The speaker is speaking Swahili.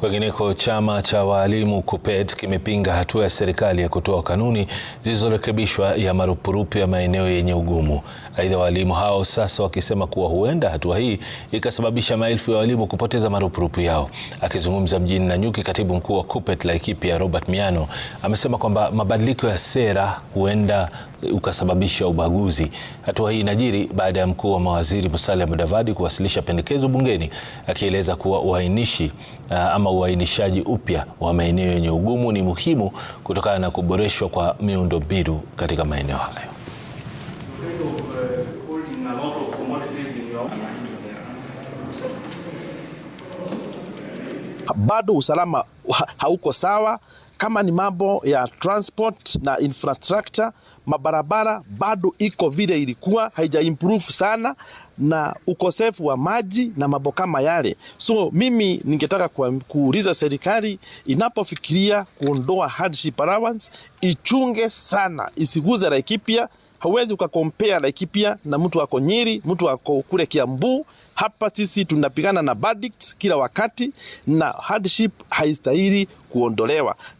kwengineko chama cha waalimu KUPPET kimepinga hatua ya serikali ya kutoa kanuni zilizorekebishwa ya marupurupu ya maeneo yenye ugumu. Aidha, waalimu hao sasa wakisema kuwa huenda hatua hii ikasababisha maelfu ya waalimu kupoteza marupurupu yao. Akizungumza mjini Nanyuki, katibu mkuu wa KUPPET Laikipia Robert Miano amesema kwamba mabadiliko ya sera huenda ukasababisha ubaguzi. Hatua hii inajiri baada ya mkuu wa mawaziri Musalia Mudavadi kuwasilisha pendekezo bungeni akieleza kuwa uainishi uh, ama ama uainishaji upya wa maeneo yenye ugumu ni muhimu kutokana na kuboreshwa kwa miundombinu katika maeneo hayo. Bado usalama hauko sawa kama ni mambo ya transport na infrastructure, mabarabara bado iko vile ilikuwa, haija improve sana, na ukosefu wa maji na mambo kama yale. So mimi ningetaka kuuliza serikali inapofikiria kuondoa hardship allowance ichunge sana, isiguze Laikipia. Hawezi ukakompea Laikipia na mtu ako Nyeri, mtu ako kule Kiambu. Hapa sisi tunapigana na bandits kila wakati, na hardship haistahili kuondolewa.